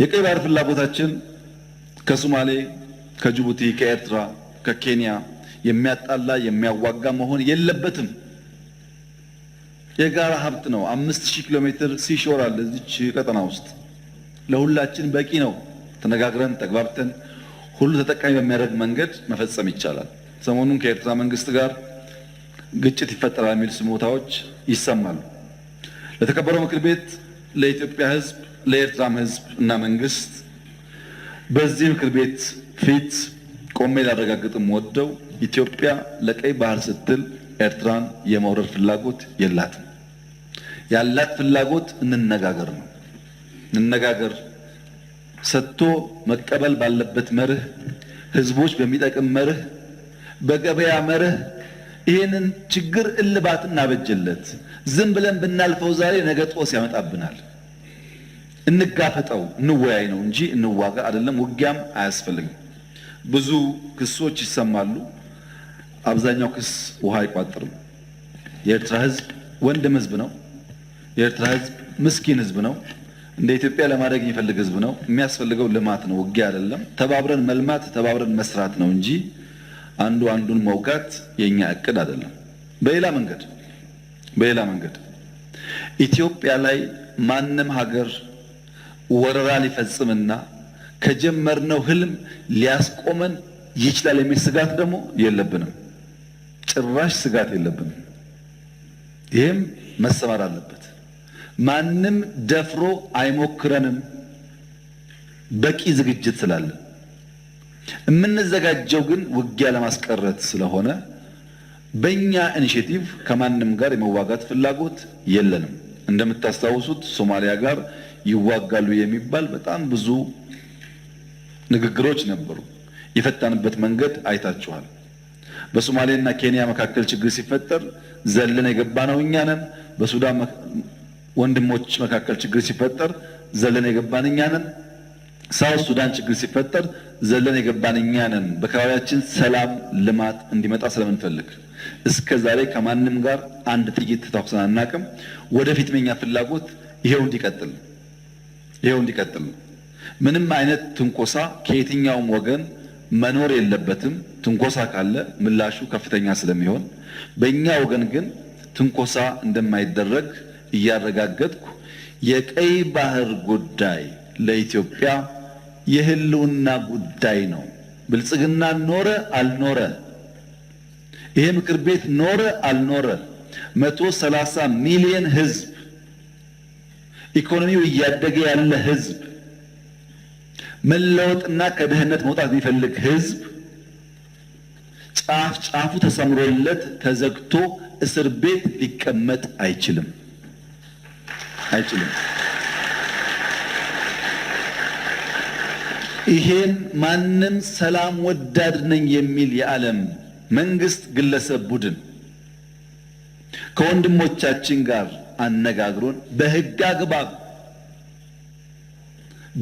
የቀይ ባህር ፍላጎታችን ከሶማሌ፣ ከጅቡቲ፣ ከኤርትራ፣ ከኬንያ የሚያጣላ የሚያዋጋ መሆን የለበትም። የጋራ ሀብት ነው። አምስት ሺህ ኪሎ ሜትር ሲሾር አለ እዚች ቀጠና ውስጥ ለሁላችን በቂ ነው። ተነጋግረን ተግባብተን ሁሉ ተጠቃሚ በሚያደርግ መንገድ መፈጸም ይቻላል። ሰሞኑን ከኤርትራ መንግስት ጋር ግጭት ይፈጠራል የሚል ስሞታዎች ይሰማሉ። ለተከበረው ምክር ቤት፣ ለኢትዮጵያ ሕዝብ ለኤርትራም ህዝብ እና መንግስት በዚህ ምክር ቤት ፊት ቆሜ ላረጋግጥም ወደው ኢትዮጵያ ለቀይ ባህር ስትል ኤርትራን የመውረር ፍላጎት የላትም። ያላት ፍላጎት እንነጋገር ነው። እንነጋገር ሰጥቶ መቀበል ባለበት መርህ፣ ህዝቦች በሚጠቅም መርህ፣ በገበያ መርህ ይህንን ችግር እልባት እናበጅለት። ዝም ብለን ብናልፈው ዛሬ ነገ ጦስ ያመጣብናል። እንጋፈጠው፣ እንወያይ ነው እንጂ እንዋጋ አይደለም። ውጊያም አያስፈልግም። ብዙ ክሶች ይሰማሉ። አብዛኛው ክስ ውሃ አይቋጥርም። የኤርትራ ህዝብ ወንድም ህዝብ ነው። የኤርትራ ህዝብ ምስኪን ህዝብ ነው። እንደ ኢትዮጵያ ለማድረግ የሚፈልግ ህዝብ ነው። የሚያስፈልገው ልማት ነው፣ ውጊያ አይደለም። ተባብረን መልማት፣ ተባብረን መስራት ነው እንጂ አንዱ አንዱን መውጋት የኛ እቅድ አይደለም። በሌላ መንገድ በሌላ መንገድ ኢትዮጵያ ላይ ማንም ሀገር ወረራ ሊፈጽምና ከጀመርነው ህልም ሊያስቆመን ይችላል የሚል ስጋት ደግሞ የለብንም። ጭራሽ ስጋት የለብንም። ይህም መሰማር አለበት። ማንም ደፍሮ አይሞክረንም በቂ ዝግጅት ስላለ። የምንዘጋጀው ግን ውጊያ ለማስቀረት ስለሆነ በእኛ ኢኒሽቲቭ ከማንም ጋር የመዋጋት ፍላጎት የለንም። እንደምታስታውሱት ሶማሊያ ጋር ይዋጋሉ የሚባል በጣም ብዙ ንግግሮች ነበሩ። የፈታንበት መንገድ አይታችኋል። በሶማሌና ኬንያ መካከል ችግር ሲፈጠር ዘለን የገባ ነው እኛ ነን። በሱዳን ወንድሞች መካከል ችግር ሲፈጠር ዘለን የገባን እኛ ነን። ሳውት ሱዳን ችግር ሲፈጠር ዘለን የገባን እኛ ነን። በአካባቢያችን ሰላም ልማት እንዲመጣ ስለምንፈልግ እስከ ዛሬ ከማንም ጋር አንድ ጥይት ተኩሰን ወደፊት የኛ ፍላጎት ይሄው እንዲቀጥል ይሄው እንዲቀጥል ምንም አይነት ትንኮሳ ከየትኛውም ወገን መኖር የለበትም። ትንኮሳ ካለ ምላሹ ከፍተኛ ስለሚሆን በእኛ ወገን ግን ትንኮሳ እንደማይደረግ እያረጋገጥኩ የቀይ ባህር ጉዳይ ለኢትዮጵያ የህልውና ጉዳይ ነው። ብልጽግና ኖረ አልኖረ ይሄ ምክር ቤት ኖረ አልኖረ መቶ ሚሊዮን ህዝብ ኢኮኖሚው እያደገ ያለ ህዝብ መለወጥና ከድህነት መውጣት የሚፈልግ ህዝብ ጫፍ ጫፉ ተሰምሮለት ተዘግቶ እስር ቤት ሊቀመጥ አይችልም አይችልም። ይሄን ማንም ሰላም ወዳድ ነኝ የሚል የዓለም መንግስት፣ ግለሰብ፣ ቡድን ከወንድሞቻችን ጋር አነጋግሮን በህግ አግባብ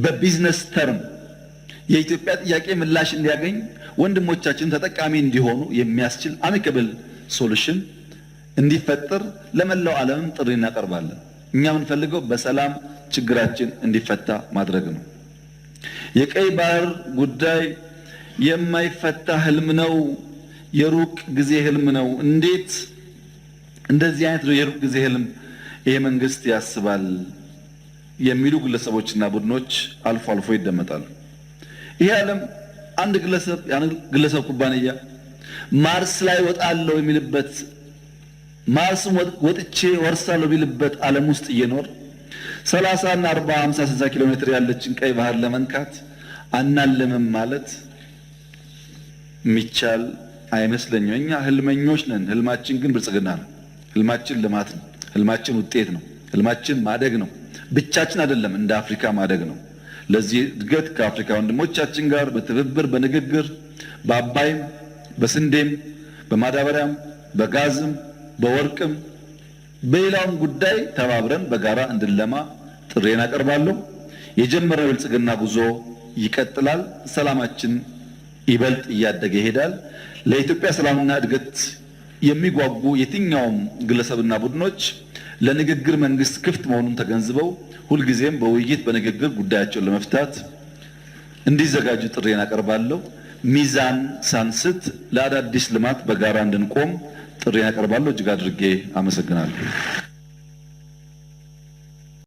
በቢዝነስ ተርም የኢትዮጵያ ጥያቄ ምላሽ እንዲያገኝ ወንድሞቻችን ተጠቃሚ እንዲሆኑ የሚያስችል አሚከብል ሶሉሽን እንዲፈጠር ለመላው ዓለምም ጥሪ እናቀርባለን። እኛ የምንፈልገው በሰላም ችግራችን እንዲፈታ ማድረግ ነው። የቀይ ባህር ጉዳይ የማይፈታ ህልም ነው የሩቅ ጊዜ ህልም ነው። እንዴት እንደዚህ አይነት የሩቅ ጊዜ ህልም ይሄ መንግስት ያስባል የሚሉ ግለሰቦችና ቡድኖች አልፎ አልፎ ይደመጣሉ። ይሄ ዓለም አንድ ግለሰብ ያን ግለሰብ ኩባንያ ማርስ ላይ ወጣለሁ የሚልበት ማርስም ወጥቼ ወርሳለሁ የሚልበት ዓለም ውስጥ እየኖር 30 እና 40፣ 50፣ 60 ኪሎ ሜትር ያለችን ቀይ ባህር ለመንካት አናለምም ማለት የሚቻል አይመስለኝም። እኛ ህልመኞች ነን። ህልማችን ግን ብልጽግና ነው። ህልማችን ልማት ነው። ህልማችን ውጤት ነው። ህልማችን ማደግ ነው። ብቻችን አይደለም፣ እንደ አፍሪካ ማደግ ነው። ለዚህ እድገት ከአፍሪካ ወንድሞቻችን ጋር በትብብር በንግግር በአባይም በስንዴም በማዳበሪያም በጋዝም በወርቅም በሌላውም ጉዳይ ተባብረን በጋራ እንድንለማ ጥሬን አቀርባለሁ። የጀመረው ብልጽግና ጉዞ ይቀጥላል። ሰላማችን ይበልጥ እያደገ ይሄዳል። ለኢትዮጵያ ሰላምና እድገት የሚጓጉ የትኛውም ግለሰብና ቡድኖች ለንግግር መንግስት ክፍት መሆኑን ተገንዝበው ሁልጊዜም በውይይት በንግግር ጉዳያቸውን ለመፍታት እንዲዘጋጁ ጥሪዬን አቀርባለሁ። ሚዛን ሳንስት ለአዳዲስ ልማት በጋራ እንድንቆም ጥሪዬን አቀርባለሁ። እጅግ አድርጌ አመሰግናለሁ።